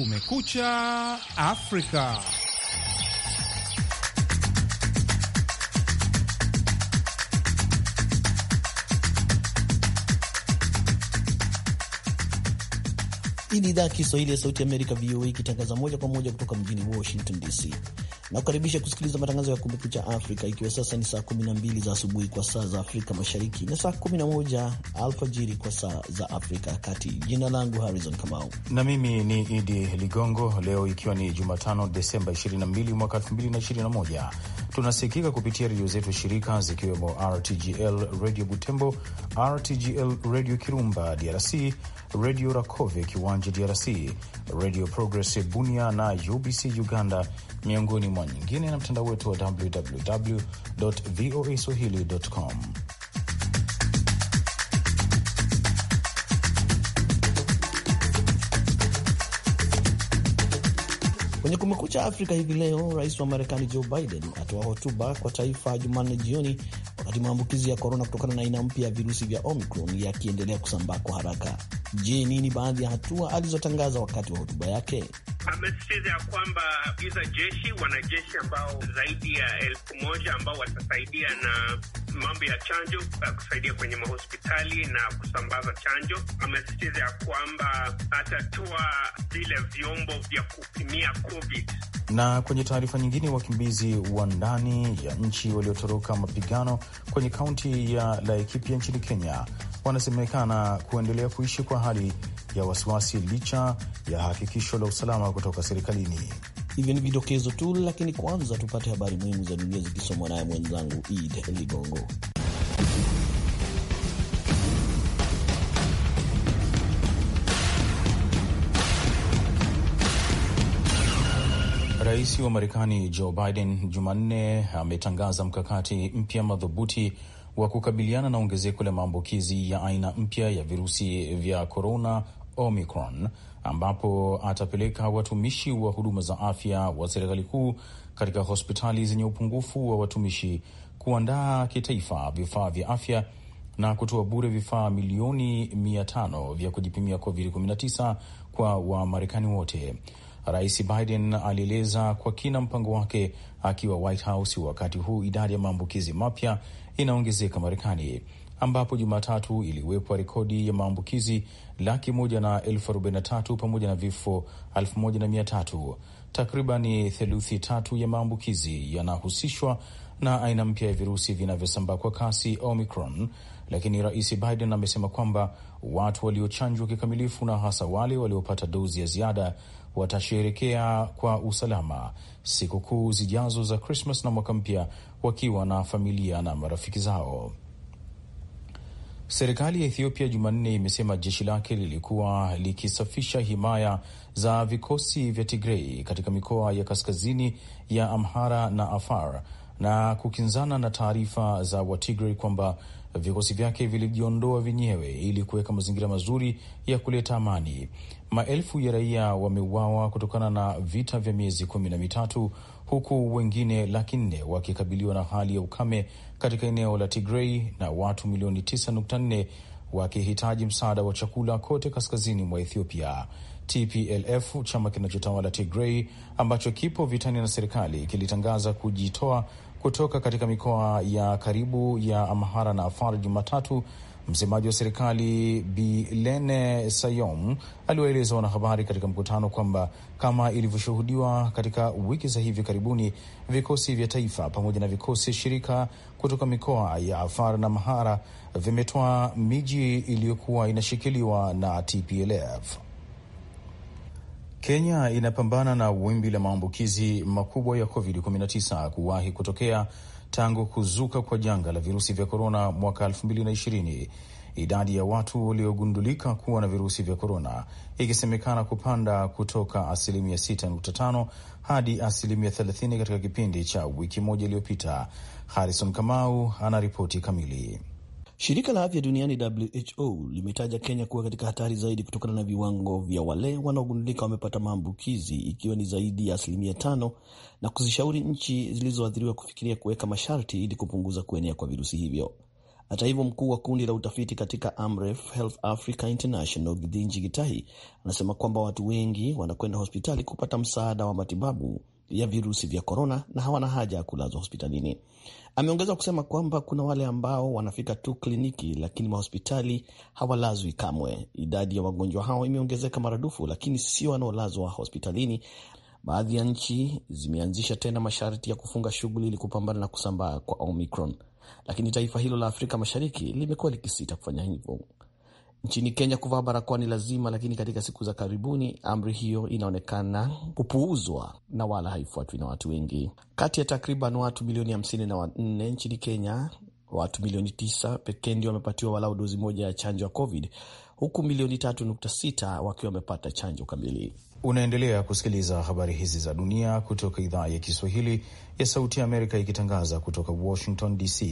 Kumekucha Afrika. Hii ni idhaa ya Kiswahili ya Sauti ya Amerika, VOA, ikitangaza moja kwa moja kutoka mjini Washington DC. Nakukaribisha kusikiliza matangazo ya Kumekucha Afrika, ikiwa sasa ni saa 12 za asubuhi kwa saa za Afrika Mashariki na saa 11 alfajiri kwa saa za Afrika ya Kati. Jina langu Harrison Kamau na mimi ni Idi Ligongo. Leo ikiwa ni Jumatano, Desemba 22 mwaka 2021, tunasikika kupitia redio zetu shirika zikiwemo RTGL Radio Butembo, RTGL Radio Kirumba DRC, Redio Rakove Kiwanja DRC, Redio Progress Bunia na UBC Uganda, miongoni mwa nyingine, na mtandao wetu wa www voa swahili.com. Kwenye Kumekucha Afrika hivi leo, rais wa Marekani Joe Biden atoa hotuba kwa taifa Jumanne jioni wakati maambukizi ya korona kutokana na aina mpya ya virusi vya Omicron yakiendelea kusambaa kwa haraka. Je, nini baadhi ya hatua alizotangaza wakati wa hotuba yake? Amesisitiza ya kwamba iza jeshi wanajeshi ambao zaidi ya elfu moja ambao watasaidia na mambo ya chanjo, kusaidia kwenye mahospitali na kusambaza chanjo. Amesisitiza ya kwamba atatua vile vyombo vya kupimia COVID. Na kwenye taarifa nyingine, wakimbizi wa ndani ya nchi waliotoroka mapigano kwenye kaunti ya Laikipia nchini Kenya wanasemekana kuendelea kuishi kwa hali ya wasiwasi licha ya hakikisho la usalama kutoka serikalini. Hivyo ni vidokezo tu, lakini kwanza tupate habari muhimu za dunia zikisomwa naye mwenzangu Id Ligongo. Rais wa Marekani Joe Biden Jumanne ametangaza mkakati mpya madhubuti wa kukabiliana na ongezeko la maambukizi ya aina mpya ya virusi vya korona Omicron, ambapo atapeleka watumishi wa huduma za afya wa serikali kuu katika hospitali zenye upungufu wa watumishi kuandaa kitaifa vifaa vya afya na kutoa bure vifaa milioni tano vya kujipimia COVID-19 kwa Wamarekani wote. Rais Biden alieleza kwa kina mpango wake akiwa White House, wakati huu idadi ya maambukizi mapya inaongezeka Marekani, ambapo Jumatatu iliwekwa rekodi ya maambukizi laki moja na elfu arobaini na tatu pamoja na vifo elfu moja na mia tatu. Takribani theluthi tatu ya maambukizi yanahusishwa na aina mpya ya virusi vinavyosambaa kwa kasi Omicron, lakini Rais Biden amesema kwamba watu waliochanjwa kikamilifu na hasa wale waliopata dozi ya ziada watasherekea kwa usalama sikukuu zijazo za Krismas na mwaka mpya wakiwa na familia na marafiki zao. Serikali ya Ethiopia Jumanne imesema jeshi lake lilikuwa likisafisha himaya za vikosi vya Tigrei katika mikoa ya kaskazini ya Amhara na Afar na kukinzana na taarifa za Watigrei kwamba vikosi vyake vilijiondoa vyenyewe ili kuweka mazingira mazuri ya kuleta amani. Maelfu ya raia wameuawa kutokana na vita vya miezi kumi na mitatu huku wengine laki nne wakikabiliwa na hali ya ukame katika eneo la Tigrei na watu milioni 9.4 wakihitaji msaada wa chakula kote kaskazini mwa Ethiopia. TPLF, chama kinachotawala Tigrei ambacho kipo vitani na serikali, kilitangaza kujitoa kutoka katika mikoa ya karibu ya Amhara na Afar Jumatatu Msemaji wa serikali Bilene Sayom aliwaeleza wanahabari katika mkutano kwamba kama ilivyoshuhudiwa katika wiki za hivi karibuni, vikosi vya taifa pamoja na vikosi shirika kutoka mikoa ya Afar na Mahara vimetoa miji iliyokuwa inashikiliwa na TPLF. Kenya inapambana na wimbi la maambukizi makubwa ya COVID-19 kuwahi kutokea tangu kuzuka kwa janga la virusi vya korona mwaka 2020 idadi ya watu waliogundulika kuwa na virusi vya korona ikisemekana kupanda kutoka asilimia 6.5 hadi asilimia 30 katika kipindi cha wiki moja iliyopita. Harrison Kamau anaripoti kamili. Shirika la afya duniani WHO limetaja Kenya kuwa katika hatari zaidi kutokana na viwango vya wale wanaogundulika wamepata maambukizi ikiwa ni zaidi ya asilimia tano, na kuzishauri nchi zilizoathiriwa kufikiria kuweka masharti ili kupunguza kuenea kwa virusi hivyo. Hata hivyo, mkuu wa kundi la utafiti katika Amref Health Africa International Githinji Gitahi anasema kwamba watu wengi wanakwenda hospitali kupata msaada wa matibabu ya virusi vya korona na hawana haja ya kulazwa hospitalini. Ameongeza kusema kwamba kuna wale ambao wanafika tu kliniki, lakini mahospitali hawalazwi kamwe. Idadi ya wagonjwa hao imeongezeka maradufu, lakini sio wanaolazwa hospitalini. Baadhi ya nchi zimeanzisha tena masharti ya kufunga shughuli ili kupambana na kusambaa kwa Omicron, lakini taifa hilo la Afrika Mashariki limekuwa likisita kufanya hivyo. Nchini Kenya kuvaa barakoa ni lazima, lakini katika siku za karibuni amri hiyo inaonekana kupuuzwa na wala haifuatwi na watu wengi. Kati ya takriban watu milioni hamsini na wanne nchini Kenya, watu milioni tisa pekee ndio wamepatiwa walau dozi moja ya chanjo ya COVID, huku milioni tatu nukta sita wakiwa wamepata chanjo kamili. Unaendelea kusikiliza habari hizi za dunia kutoka idhaa ya Kiswahili ya Sauti ya Amerika, ikitangaza kutoka Washington DC.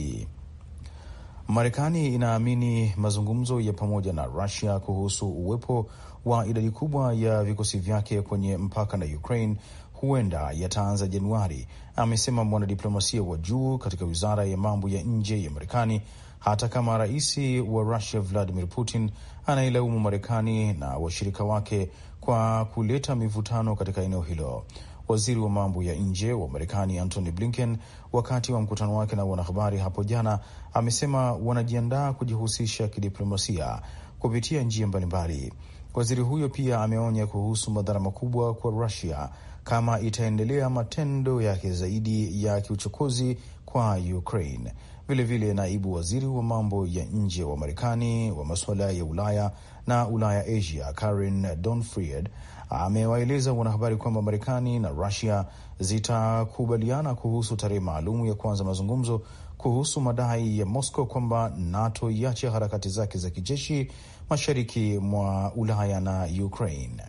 Marekani inaamini mazungumzo ya pamoja na Rusia kuhusu uwepo wa idadi kubwa ya vikosi vyake kwenye mpaka na Ukraine huenda yataanza Januari, amesema mwanadiplomasia wa juu katika wizara ya mambo ya nje ya Marekani, hata kama rais wa Rusia Vladimir Putin anailaumu Marekani na washirika wake kwa kuleta mivutano katika eneo hilo waziri wa mambo ya nje wa Marekani Antony Blinken wakati wa mkutano wake na wanahabari hapo jana amesema wanajiandaa kujihusisha kidiplomasia kupitia njia mbalimbali. Waziri huyo pia ameonya kuhusu madhara makubwa kwa Rusia kama itaendelea matendo yake zaidi ya kiuchokozi kwa Ukraine. Vilevile naibu waziri wa mambo ya nje wa Marekani wa masuala ya Ulaya na Ulaya Asia Karen Donfried amewaeleza wanahabari kwamba Marekani na Rusia zitakubaliana kuhusu tarehe maalum ya kuanza mazungumzo kuhusu madai ya Moscow kwamba NATO iache harakati zake za kijeshi mashariki mwa Ulaya na Ukraine.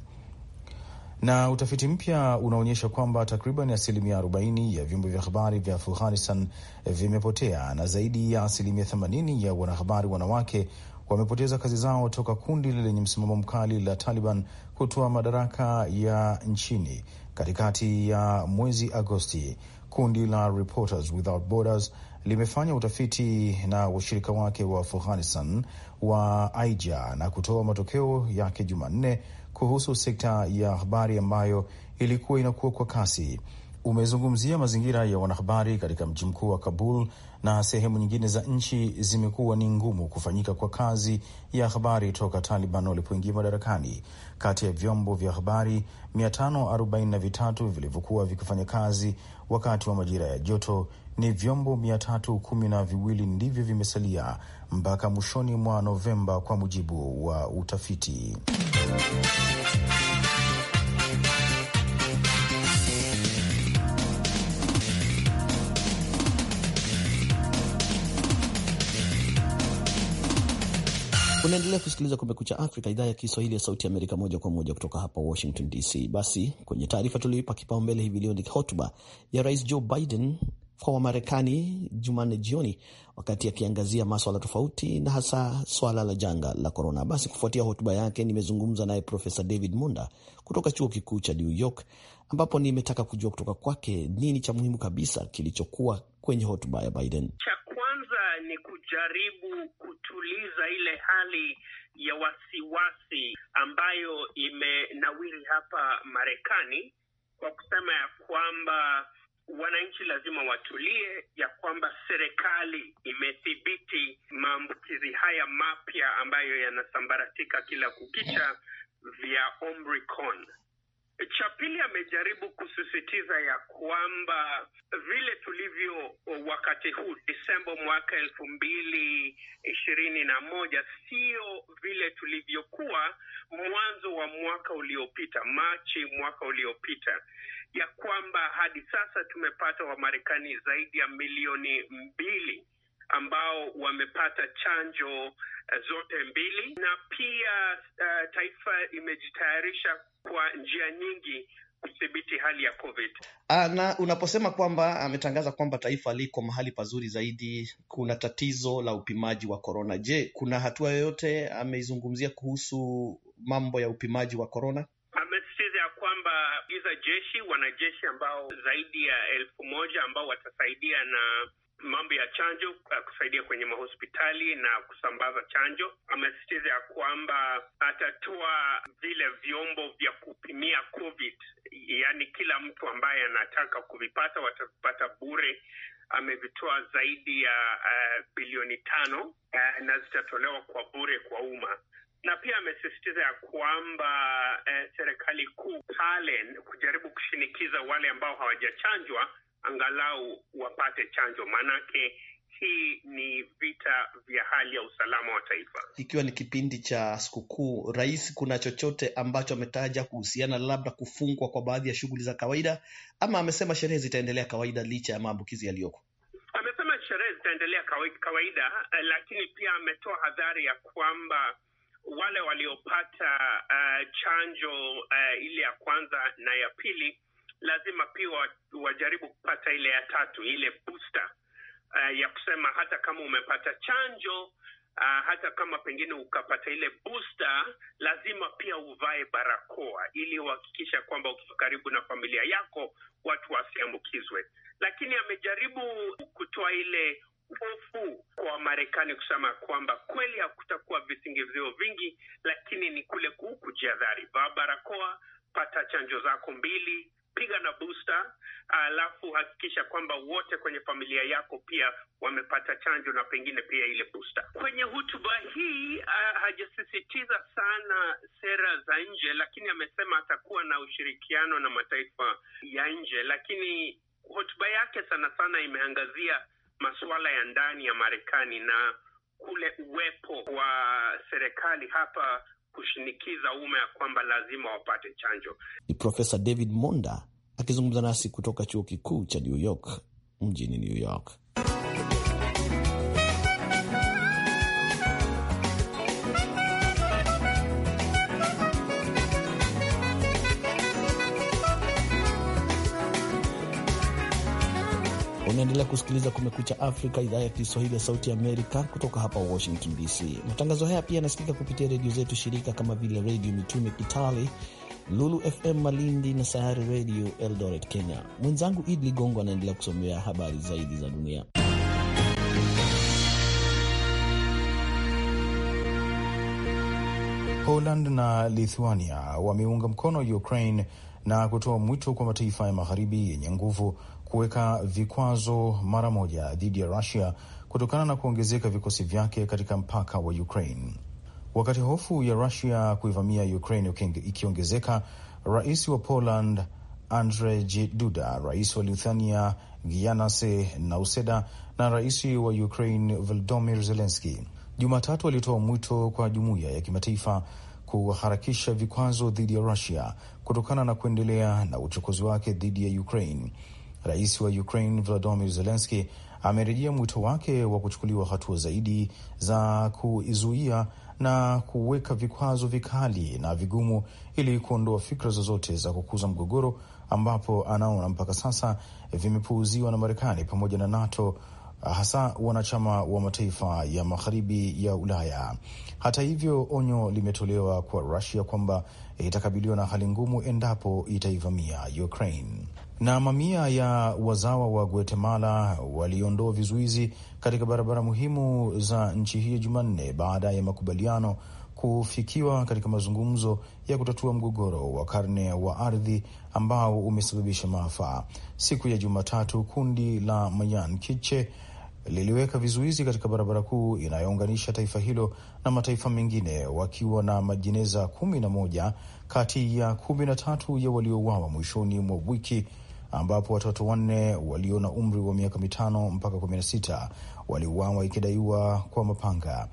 Na utafiti mpya unaonyesha kwamba takriban asilimia 40 ya vyombo vya habari vya Afghanistan vimepotea na zaidi ya asilimia 80 ya wanahabari wanawake wamepoteza kazi zao toka kundi lenye msimamo mkali la Taliban kutoa madaraka ya nchini katikati ya mwezi Agosti. Kundi la Reporters Without Borders limefanya utafiti na washirika wake wa Afghanistan wa Aija na kutoa matokeo yake Jumanne kuhusu sekta ya habari ambayo ilikuwa inakuwa kwa kasi umezungumzia mazingira ya wanahabari katika mji mkuu wa Kabul na sehemu nyingine za nchi zimekuwa ni ngumu kufanyika kwa kazi ya habari toka Taliban walipoingia madarakani. Kati ya vyombo vya habari 543 vilivyokuwa vikifanya kazi wakati wa majira ya joto ni vyombo 312 na viwili ndivyo vimesalia mpaka mwishoni mwa Novemba, kwa mujibu wa utafiti Unaendelea kusikiliza Kumekucha Afrika, idhaa ya Kiswahili ya Sauti Amerika, moja kwa moja kutoka hapa Washington DC. Basi kwenye taarifa tulioipa kipaumbele hivi leo ni hotuba ya Rais Joe Biden kwa Wamarekani Jumanne jioni wakati akiangazia maswala tofauti na hasa swala la janga la korona. Basi kufuatia hotuba yake, nimezungumza naye Profesa David Munda kutoka chuo kikuu cha New York, ambapo nimetaka kujua kutoka kwake nini cha muhimu kabisa kilichokuwa kwenye hotuba ya Biden Eh, ni kujaribu kutuliza ile hali ya wasiwasi ambayo imenawiri hapa Marekani kwa kusema ya kwamba wananchi lazima watulie, ya kwamba serikali imethibiti maambukizi haya mapya ambayo yanasambaratika kila kukicha vya Omicron. Cha pili, amejaribu kusisitiza ya kwamba vile tulivyo wakati huu Desemba mwaka elfu mbili ishirini na moja sio vile tulivyokuwa mwanzo wa mwaka uliopita, Machi mwaka uliopita, ya kwamba hadi sasa tumepata Wamarekani zaidi ya milioni mbili ambao wamepata chanjo eh, zote mbili na pia uh, taifa imejitayarisha kwa njia nyingi kudhibiti hali ya COVID. Ah, na unaposema kwamba ah, ametangaza kwamba taifa liko mahali pazuri zaidi, kuna tatizo la upimaji wa korona. Je, kuna hatua yoyote ameizungumzia kuhusu mambo ya upimaji wa korona? Amesisitiza ya kwamba iza jeshi wanajeshi ambao zaidi ya elfu moja ambao watasaidia na mambo ya chanjo uh, kusaidia kwenye mahospitali na kusambaza chanjo. Amesisitiza ya kwamba atatoa vile vyombo vya kupimia COVID, yaani kila mtu ambaye anataka kuvipata watavipata bure. Amevitoa zaidi ya uh, bilioni tano uh, na zitatolewa kwa bure kwa umma na pia amesisitiza ya kwamba eh, serikali kuu pale kujaribu kushinikiza wale ambao hawajachanjwa angalau wapate chanjo, maanake hii ni vita vya hali ya usalama wa taifa. Ikiwa ni kipindi cha sikukuu, rais, kuna chochote ambacho ametaja kuhusiana labda kufungwa kwa baadhi ya shughuli za kawaida, ama amesema sherehe zitaendelea kawaida licha ya maambukizi yaliyoko? Amesema sherehe zitaendelea kawaida, eh, lakini pia ametoa hadhari ya kwamba wale waliopata uh, chanjo uh, ile ya kwanza na ya pili lazima pia wajaribu kupata ile ya tatu, ile booster uh, ya kusema hata kama umepata chanjo uh, hata kama pengine ukapata ile booster, lazima pia uvae barakoa ili uhakikisha kwamba ukiwa karibu na familia yako watu wasiambukizwe. Lakini amejaribu kutoa ile hofu kwa Marekani kusema kwamba kweli hakutakuwa visingizio vingi, lakini ni kule kuu kujiadhari vaa barakoa, pata chanjo zako mbili piga na booster, alafu hakikisha kwamba wote kwenye familia yako pia wamepata chanjo na pengine pia ile booster. Kwenye hotuba hii ah, hajasisitiza sana sera za nje, lakini amesema atakuwa na ushirikiano na mataifa ya nje, lakini hotuba yake sana sana imeangazia masuala ya ndani ya Marekani na kule uwepo wa serikali hapa kushinikiza umma ya kwamba lazima wapate chanjo. Ni Profesa David Monda akizungumza nasi kutoka chuo kikuu cha New York mjini New York. Unaendelea kusikiliza Kumekucha Afrika, idhaa ya Kiswahili ya Sauti Amerika kutoka hapa Washington DC. Matangazo haya pia yanasikika kupitia redio zetu shirika kama vile Redio Mitume Kitale, Lulu FM Malindi na Sayari Redio Eldoret, Kenya. Mwenzangu id Ligongo anaendelea kusomea habari zaidi za dunia. Poland na Lithuania wameunga mkono Ukraine na kutoa mwito kwa mataifa ya magharibi yenye nguvu kuweka vikwazo mara moja dhidi ya Rusia kutokana na kuongezeka vikosi vyake katika mpaka wa Ukraine. Wakati hofu ya Rusia kuivamia Ukraine ikiongezeka, rais wa Poland Andrzej Duda, rais wa Lithuania Gianas Nauseda na rais wa Ukraine Volodymyr Zelenski Jumatatu alitoa mwito kwa jumuiya ya kimataifa kuharakisha vikwazo dhidi ya Rusia kutokana na kuendelea na uchokozi wake dhidi ya Ukraine Rais wa Ukraine Volodymyr Zelensky amerejea mwito wake wa kuchukuliwa hatua zaidi za kuizuia na kuweka vikwazo vikali na vigumu ili kuondoa fikra zozote za kukuza mgogoro ambapo anaona mpaka sasa vimepuuziwa na Marekani pamoja na NATO hasa wanachama wa mataifa ya magharibi ya Ulaya. Hata hivyo, onyo limetolewa kwa Rusia kwamba itakabiliwa na hali ngumu endapo itaivamia Ukraine na mamia ya wazawa wa Guatemala waliondoa vizuizi katika barabara muhimu za nchi hiyo Jumanne baada ya makubaliano kufikiwa katika mazungumzo ya kutatua mgogoro wa karne wa ardhi ambao umesababisha maafa. Siku ya Jumatatu, kundi la Mayan Kiche liliweka vizuizi katika barabara kuu inayounganisha taifa hilo na mataifa mengine, wakiwa na majeneza kumi na moja kati ya kumi na tatu ya waliouawa mwishoni mwa wiki ambapo watoto wanne walio na umri wa miaka mitano mpaka kumi na sita waliuawa ikidaiwa kwa mapanga.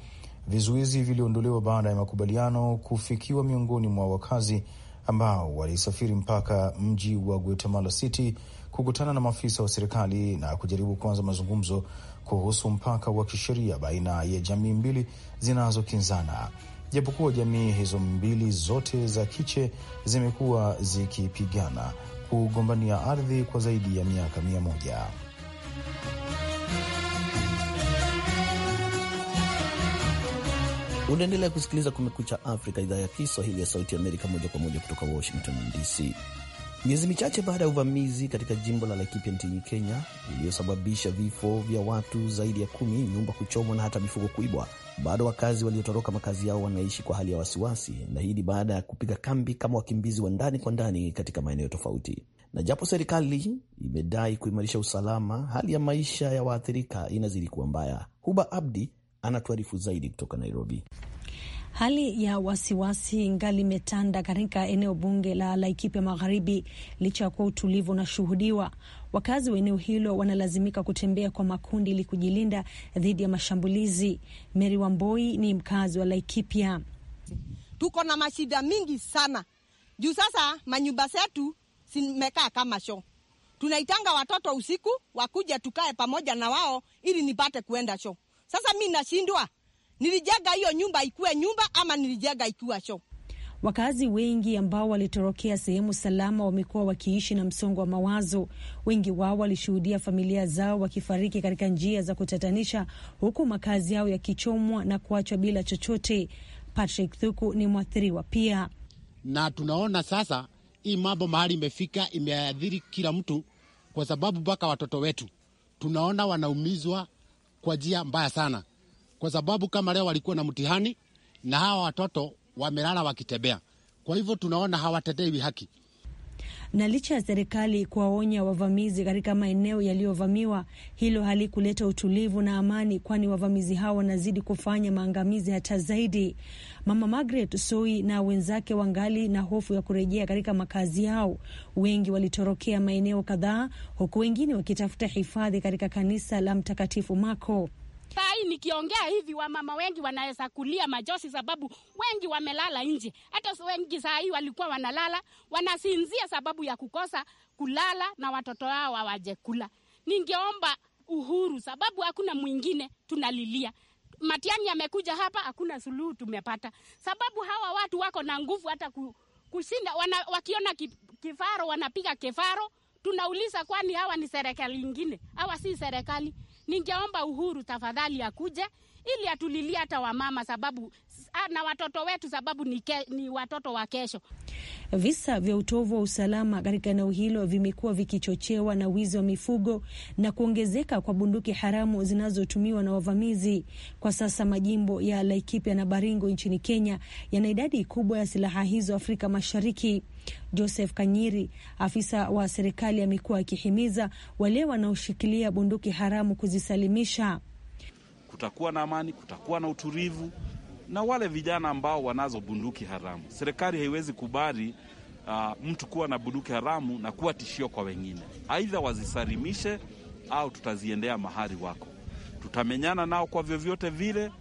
Vizuizi viliondolewa baada ya makubaliano kufikiwa miongoni mwa wakazi ambao walisafiri mpaka mji wa Guatemala City kukutana na maafisa wa serikali na kujaribu kuanza mazungumzo kuhusu mpaka wa kisheria baina ya jamii mbili zinazokinzana. Japokuwa jamii hizo mbili zote za Kiche zimekuwa zikipigana kugombania ardhi kwa zaidi ya miaka mia moja. Unaendelea kusikiliza Kumekucha Afrika, idhaa ya Kiswahili ya Sauti ya Amerika, moja kwa moja kutoka Washington DC. Miezi michache baada ya uvamizi katika jimbo la Laikipia nchini Kenya iliyosababisha vifo vya watu zaidi ya kumi, nyumba kuchomwa na hata mifugo kuibwa, bado wakazi waliotoroka makazi yao wanaishi kwa hali ya wasiwasi, na hii ni baada ya kupiga kambi kama wakimbizi wa ndani kwa ndani katika maeneo tofauti. Na japo serikali imedai kuimarisha usalama, hali ya maisha ya waathirika inazidi kuwa mbaya. Huba Abdi anatuarifu zaidi kutoka Nairobi. Hali ya wasiwasi ngali imetanda katika eneo bunge la Laikipia Magharibi licha ya kuwa utulivu unashuhudiwa, Wakazi wa eneo hilo wanalazimika kutembea kwa makundi ili kujilinda dhidi ya mashambulizi. Mary Wamboi ni mkazi wa Laikipia. Tuko na mashida mingi sana juu sasa manyumba zetu zimekaa kama shoo. Tunaitanga watoto usiku wakuja tukae pamoja na wao ili nipate kuenda shoo. Sasa mi nashindwa, nilijenga hiyo nyumba ikuwe nyumba ama nilijenga ikiwa shoo? Wakazi wengi ambao walitorokea sehemu salama wamekuwa wakiishi na msongo wa mawazo. Wengi wao walishuhudia familia zao wakifariki katika njia za kutatanisha, huku makazi yao yakichomwa na kuachwa bila chochote. Patrick Thuku ni mwathiriwa pia. Na tunaona sasa hii mambo mahali imefika, imeathiri kila mtu, kwa sababu mpaka watoto wetu tunaona wanaumizwa kwa njia mbaya sana, kwa sababu kama leo walikuwa na mtihani na hawa watoto wamelala wakitembea. Kwa hivyo tunaona hawatetewi haki na licha ya serikali kuwaonya wavamizi katika maeneo yaliyovamiwa, hilo halikuleta utulivu na amani, kwani wavamizi hao wanazidi kufanya maangamizi hata zaidi. Mama Margaret Soi na wenzake wangali na hofu ya kurejea katika makazi yao. Wengi walitorokea maeneo kadhaa, huku wengine wakitafuta hifadhi katika kanisa la Mtakatifu Marko. Sai nikiongea hivi wamama wengi wanaweza kulia majosi, sababu wengi wamelala nje. Hata wengi saa hii walikuwa wanalala wanasinzia, sababu ya kukosa kulala na watoto wao hawaje kula. Ningeomba uhuru, sababu hakuna mwingine tunalilia. Matiani amekuja hapa, hakuna suluhu tumepata, sababu hawa watu wako na nguvu hata kushinda wana, wakiona kifaro wanapiga kifaro. Tunauliza, kwani hawa ni serikali ingine? Hawa si serikali. Ningeomba Uhuru tafadhali akuje ili atulilie hata wamama sababu ah, na watoto wetu sababu ni, ke, ni watoto wa kesho. Visa vya utovu wa usalama katika eneo hilo vimekuwa vikichochewa na wizi wa mifugo na kuongezeka kwa bunduki haramu zinazotumiwa na wavamizi. Kwa sasa majimbo ya Laikipia na Baringo nchini Kenya yana idadi kubwa ya silaha hizo Afrika Mashariki. Joseph Kanyiri, afisa wa serikali, amekuwa akihimiza wale wanaoshikilia bunduki haramu kuzisalimisha. Kutakuwa na amani, kutakuwa na utulivu na wale vijana ambao wanazo bunduki haramu. Serikali haiwezi kubali uh, mtu kuwa na bunduki haramu na kuwa tishio kwa wengine. Aidha wazisalimishe au tutaziendea mahali wako, tutamenyana nao kwa vyovyote vile,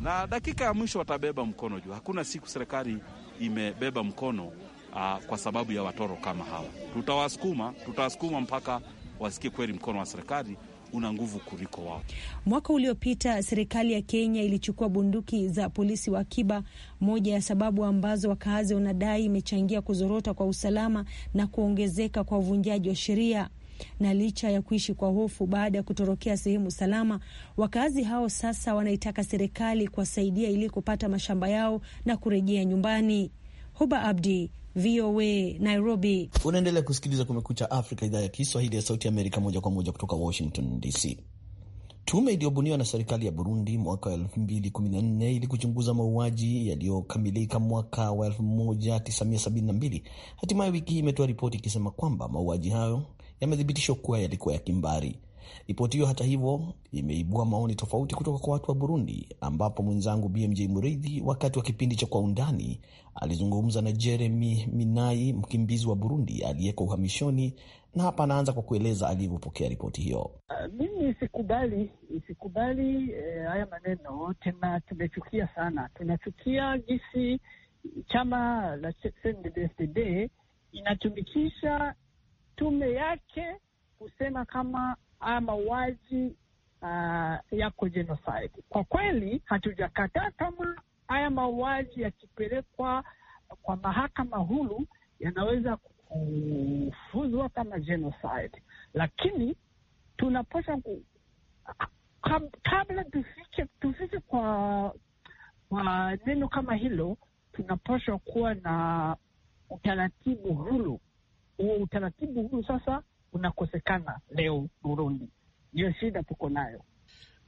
na dakika ya mwisho watabeba mkono juu. Hakuna siku serikali imebeba mkono uh, kwa sababu ya watoro kama hawa. Tutawasukuma, tutawasukuma mpaka wasikie kweli mkono wa serikali una nguvu kuliko wao. Mwaka uliopita serikali ya Kenya ilichukua bunduki za polisi wa akiba, moja ya sababu ambazo wakaazi wanadai imechangia kuzorota kwa usalama na kuongezeka kwa uvunjaji wa sheria. Na licha ya kuishi kwa hofu baada ya kutorokea sehemu salama, wakaazi hao sasa wanaitaka serikali kuwasaidia ili kupata mashamba yao na kurejea nyumbani. Huba Abdi VOA Nairobi. Unaendelea kusikiliza Kumekucha Afrika, idhaa ya Kiswahili ya Sauti Amerika, moja kwa moja kutoka Washington DC. Tume iliyobuniwa na serikali ya Burundi mwaka wa 2014 ili kuchunguza mauaji yaliyokamilika mwaka wa 1972 hatimaye wiki hii imetoa ripoti ikisema kwamba mauaji hayo yamethibitishwa kuwa yalikuwa ya kimbari. Ripoti hiyo hata hivyo imeibua maoni tofauti kutoka kwa watu wa Burundi, ambapo mwenzangu BMJ mridhi wakati wa kipindi cha Kwa Undani alizungumza na Jeremy Minai, mkimbizi wa Burundi aliyeko uhamishoni, na hapa anaanza kwa kueleza alivyopokea ripoti hiyo. Uh, mimi isikubali isikubali eh, haya maneno tena, tumechukia sana, tunachukia jinsi chama la CNDD-FDD inatumikisha tume yake kusema kama ama mauaji uh, yako genocide. Kwa kweli hatujakataa kama haya mauaji yakipelekwa kwa mahakama huru yanaweza kufuzwa kama genocide, lakini tunapasha ku, kabla tufike, tufike kwa kwa neno kama hilo, tunapashwa kuwa na utaratibu huru. Huo utaratibu huru sasa unakosekana leo Burundi. Ndiyo shida tuko nayo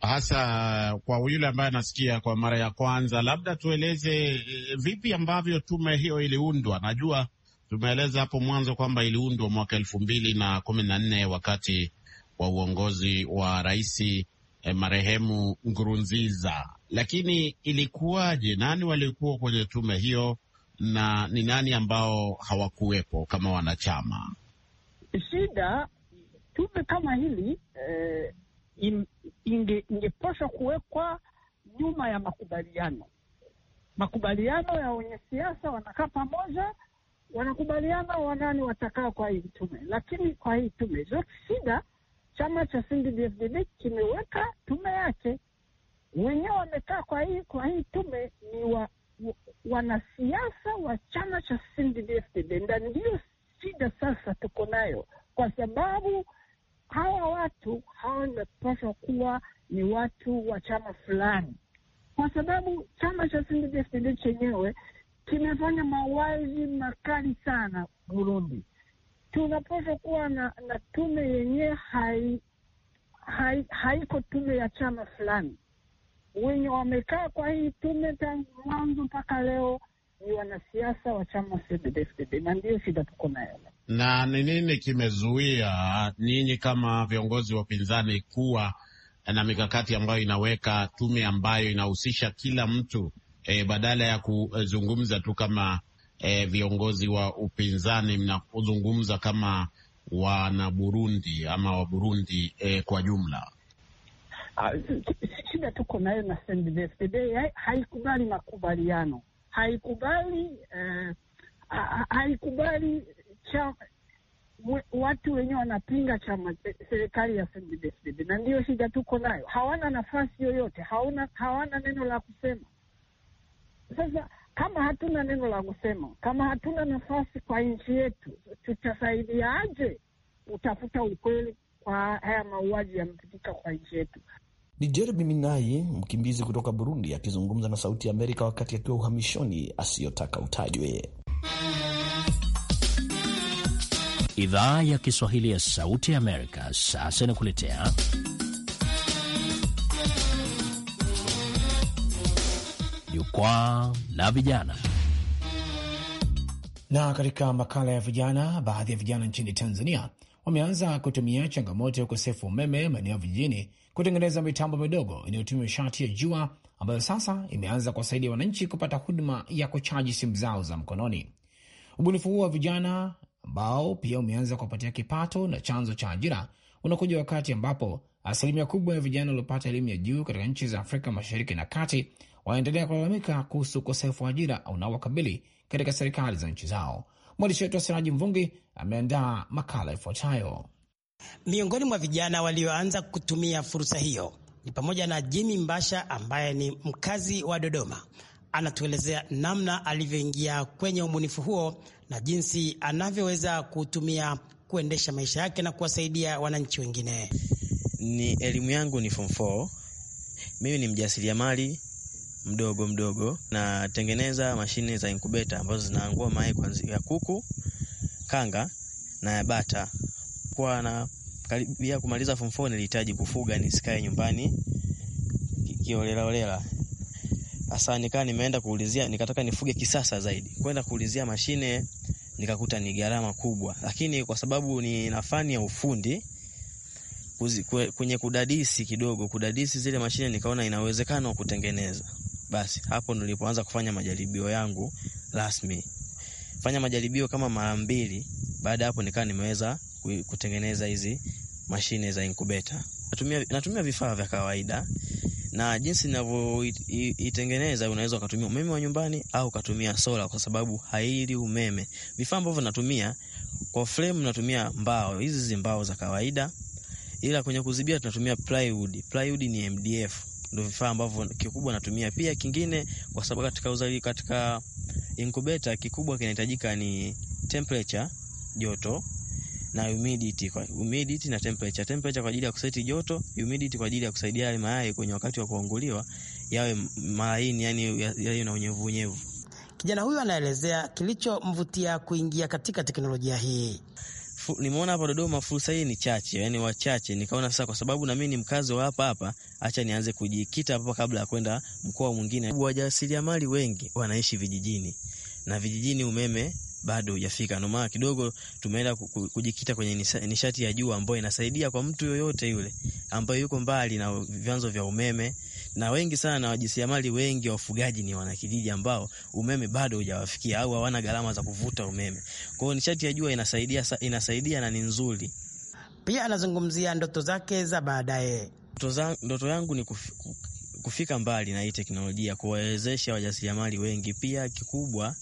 hasa kwa yule ambaye anasikia kwa mara ya kwanza. Labda tueleze eh, vipi ambavyo tume hiyo iliundwa. Najua tumeeleza hapo mwanzo kwamba iliundwa mwaka elfu mbili na kumi na nne wakati wa uongozi wa rais eh, marehemu ngurunziza lakini ilikuwaje? Nani walikuwa kwenye tume hiyo na ni nani ambao hawakuwepo kama wanachama? Shida tume kama hili eh, ingepaswa inge, kuwekwa nyuma ya makubaliano. Makubaliano ya wenye siasa, wanakaa pamoja, wanakubaliana wanani watakaa kwa hii tume. Lakini kwa hii tume zote shida, chama cha CNDD-FDD kimeweka tume yake wenyewe, wamekaa kwa hii kwa hii tume ni wa, wanasiasa wa chama cha CNDD-FDD, ndio shida sasa tuko nayo, kwa sababu hawa watu hawa imepaswa kuwa ni watu wa chama fulani, kwa sababu chama cha CNDD-FDD chenyewe kimefanya mauaji makali sana Burundi. Tunapaswa kuwa na, na tume yenyewe hai, hai, haiko tume ya chama fulani. Wenye wamekaa kwa hii tume tangu mwanzo mpaka leo ni wanasiasa wa chama CNDD-FDD na ndiyo shida tuko nayo. Na ni nini kimezuia ninyi kama viongozi wa upinzani kuwa na mikakati ambayo inaweka tume ambayo inahusisha kila mtu e, badala ya kuzungumza tu kama e, viongozi wa upinzani mnazungumza kama wana Burundi ama wa Burundi e, eh, kwa jumla? Ah, shida tuko nayo na CNDD-FDD haikubali makubaliano haikubali uh, haikubali cha watu wenyewe wanapinga chama serikali ya CNDD-FDD, na ndiyo shida tuko nayo. Hawana nafasi yoyote, hawana, hawana neno la kusema. Sasa kama hatuna neno la kusema, kama hatuna nafasi kwa nchi yetu, tutasaidiaje utafuta ukweli kwa haya mauaji yamepitika kwa nchi yetu? Ni Jeremy Minai, mkimbizi kutoka Burundi, akizungumza na Sauti ya Amerika wakati akiwa uhamishoni asiyotaka utajwe. Idhaa ya Kiswahili ya Sauti ya Amerika sasa inakuletea Jukwaa la Vijana. Na katika makala ya vijana, baadhi ya vijana nchini Tanzania wameanza kutumia changamoto ya ukosefu wa umeme maeneo vijijini kutengeneza mitambo midogo inayotumia nishati ya jua ambayo sasa imeanza kuwasaidia wananchi kupata huduma ya kuchaji simu zao za mkononi. Ubunifu huo wa vijana ambao pia umeanza kuwapatia kipato na chanzo cha ajira unakuja wakati ambapo asilimia kubwa ya vijana waliopata elimu ya juu katika nchi za Afrika Mashariki na Kati wanaendelea kulalamika kuhusu ukosefu wa ajira unaowakabili katika serikali za nchi zao. Mwandishi wetu wa Mvungi ameandaa makala ifuatayo. Miongoni mwa vijana walioanza kutumia fursa hiyo ni pamoja na Jimi Mbasha ambaye ni mkazi wa Dodoma. Anatuelezea namna alivyoingia kwenye ubunifu huo na jinsi anavyoweza kutumia kuendesha maisha yake na kuwasaidia wananchi wengine. Ni elimu yangu ni form 4. Mimi ni mjasiriamali mdogo mdogo, natengeneza mashine za inkubeta ambazo zinaangua mayai kuanzia kuku, kanga na ya bata. Kwa na karibia kumaliza form 4 nilihitaji kufuga, nisikae nyumbani kiolela olela. Hasa nikaa nimeenda kuulizia, nikataka nifuge kisasa zaidi. Kwenda kuulizia mashine nikakuta ni gharama kubwa, lakini kwa sababu nina fani ya ufundi kwenye kudadisi kidogo, kudadisi zile mashine, nikaona inawezekana kutengeneza. Basi hapo nilipoanza kufanya majaribio yangu rasmi. Fanya majaribio kama mara mbili, baada hapo nikawa nimeweza kutengeneza hizi mashine za incubator. Natumia, natumia vifaa vya kawaida na jinsi ninavyoitengeneza unaweza ukatumia umeme wa nyumbani au ukatumia sola, kwa sababu haili umeme. Vifaa ambavyo natumia kwa frame, natumia mbao hizi mbao za kawaida, ila kwenye kuzibia tunatumia plywood. Plywood ni MDF ndio vifaa ambavyo kikubwa natumia. Pia kingine, kwa sababu katika uzali, katika incubator kikubwa kinahitajika ni temperature, joto na humidity kwa humidity na temperature. Temperature kwa ajili ya kuseti joto, humidity kwa ajili ya kusaidia yale mayai kwenye wakati wa kuanguliwa yawe malaini, yani yawe na unyevu unyevu. Kijana huyu anaelezea kilichomvutia kuingia katika teknolojia hii nimeona hapa Dodoma fursa hii ni chache, yani wachache. Nikaona sasa, kwa sababu na mimi ni mkazi wa hapa hapa, acha nianze kujikita hapa kabla ya kwenda mkoa mwingine. Wajasiriamali wengi wanaishi vijijini na vijijini umeme bado hujafika, ndo maana kidogo tumeenda kujikita kwenye nishati ya jua ambayo inasaidia kwa mtu yoyote yule ambaye yuko mbali na vyanzo vya umeme na wengi sana na wajasiriamali wengi wafugaji ni wanakijiji ambao umeme bado hujawafikia au hawana gharama za kuvuta umeme. Kwa hiyo nishati ya jua inasaidia, inasaidia na ni nzuri pia. Anazungumzia ndoto zake za baadaye. Ndoto yangu ni kufika mbali na hii teknolojia, kuwawezesha wajasiriamali wengi. Pia kikubwa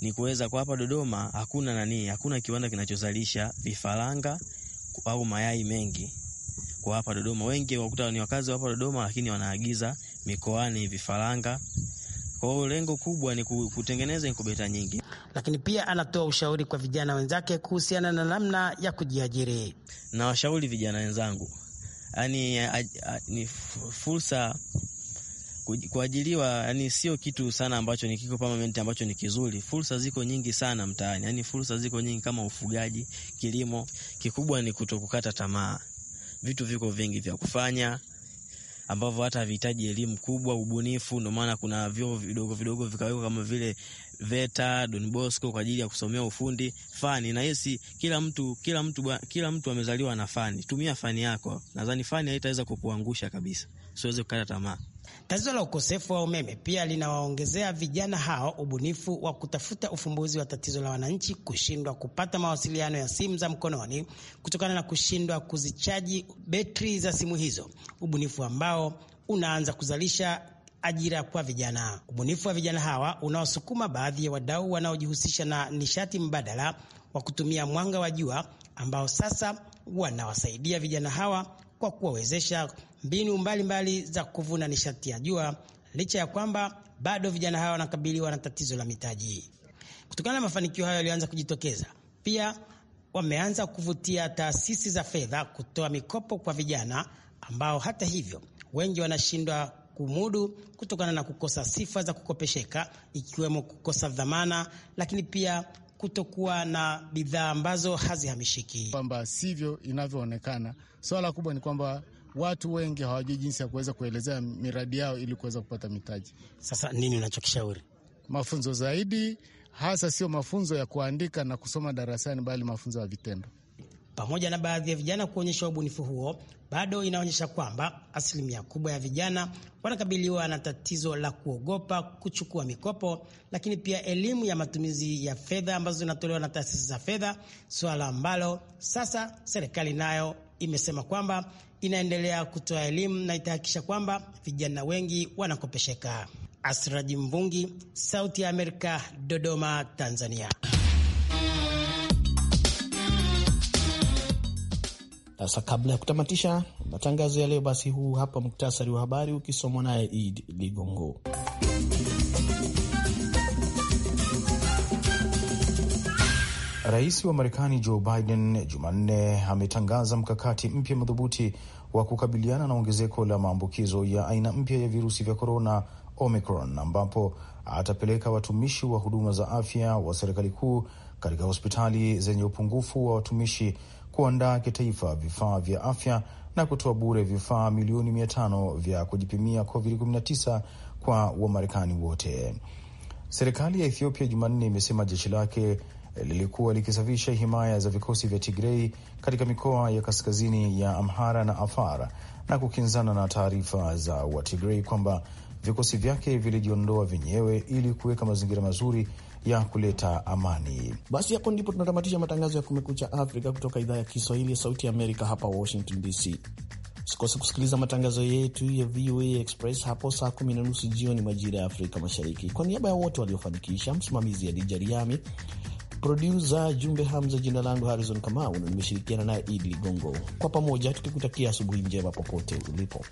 ni kuweza kwa hapa Dodoma hakuna nani, hakuna kiwanda kinachozalisha vifaranga au mayai mengi kwa hapa Dodoma. Wengi wakuta ni wakazi wa hapa Dodoma, lakini wanaagiza mikoani vifaranga. Kwa lengo kubwa ni kutengeneza inkubeta nyingi. Lakini pia anatoa ushauri kwa vijana wenzake kuhusiana na namna ya kujiajiri. Na washauri vijana wenzangu, yani ni fursa kuajiliwa, yani sio kitu sana ambacho ni kiko permanent, ambacho ni kizuri. Fursa ziko nyingi sana mtaani, yani fursa ziko nyingi kama ufugaji, kilimo. Kikubwa ni kutokukata tamaa vitu viko vingi vya kufanya ambavyo hata havihitaji elimu kubwa, ubunifu. Ndio maana kuna vyuo vidogo vidogo vikawekwa kama vile VETA, Don Bosco kwa ajili ya kusomea ufundi, fani. hisi kila mtu kila mtu kila mtu amezaliwa na fani. Tumia fani yako, nadhani fani haitaweza kukuangusha kabisa usiweze kukata tamaa. Tatizo la ukosefu wa umeme pia linawaongezea vijana hao ubunifu wa kutafuta ufumbuzi wa tatizo la wananchi kushindwa kupata mawasiliano ya simu za mkononi kutokana na kushindwa kuzichaji betri za simu hizo, ubunifu ambao unaanza kuzalisha ajira kwa vijana. Ubunifu wa vijana hawa unaosukuma baadhi ya wadau wanaojihusisha na nishati mbadala wa kutumia mwanga wa jua ambao sasa wanawasaidia vijana hawa kwa kuwawezesha mbinu mbalimbali mbali za kuvuna nishati ya jua, licha ya kwamba bado vijana hawa wanakabiliwa na tatizo la mitaji. Kutokana na mafanikio hayo yaliyoanza kujitokeza, pia wameanza kuvutia taasisi za fedha kutoa mikopo kwa vijana ambao hata hivyo wengi wanashindwa kumudu kutokana na kukosa sifa za kukopesheka ikiwemo kukosa dhamana, lakini pia kutokuwa na bidhaa ambazo hazihamishiki, kwamba sivyo inavyoonekana. Swala kubwa ni kwamba watu wengi hawajui jinsi ya kuweza kuelezea miradi yao ili kuweza kupata mitaji. Sasa nini unachokishauri? Mafunzo zaidi, hasa sio mafunzo ya kuandika na kusoma darasani, bali mafunzo ya vitendo. Pamoja na baadhi ya vijana kuonyesha ubunifu huo, bado inaonyesha kwamba asilimia kubwa ya vijana wanakabiliwa na tatizo la kuogopa kuchukua mikopo, lakini pia elimu ya matumizi ya fedha ambazo zinatolewa na taasisi za fedha, suala ambalo sasa serikali nayo imesema kwamba inaendelea kutoa elimu na itahakikisha kwamba vijana wengi wanakopesheka. Asraji Mvungi, Sauti ya Amerika, Dodoma, Tanzania. Sasa kabla ya kutamatisha matangazo ya leo, basi huu hapa muktasari wa habari ukisomwa naye Id Ligongo. Rais wa Marekani Joe Biden Jumanne ametangaza mkakati mpya madhubuti wa kukabiliana na ongezeko la maambukizo ya aina mpya ya virusi vya korona Omicron, ambapo atapeleka watumishi wa huduma za afya wa serikali kuu katika hospitali zenye upungufu wa watumishi, kuandaa kitaifa vifaa vya afya na kutoa bure vifaa milioni mia tano vya kujipimia COVID-19 kwa Wamarekani wote. Serikali ya Ethiopia Jumanne imesema jeshi lake lilikuwa likisafisha himaya za vikosi vya Tigrei katika mikoa ya kaskazini ya Amhara na Afar na kukinzana na taarifa za Watigrei kwamba vikosi vyake vilijiondoa vyenyewe ili kuweka mazingira mazuri ya kuleta amani. Basi hapo ndipo tunatamatisha matangazo ya Kumekucha Afrika kutoka idhaa ya Kiswahili ya Sauti ya Amerika hapa Washington DC. Usikose kusikiliza matangazo yetu ya VOA Express hapo saa kumi na nusu jioni majira ya Afrika Mashariki. Kwa niaba ya wote waliofanikisha, msimamizi Adija Riami, produsa Jumbe Hamza, jina langu Harrison Kamau na nimeshirikiana naye Idi Ligongo, kwa pamoja tukikutakia asubuhi njema popote ulipo.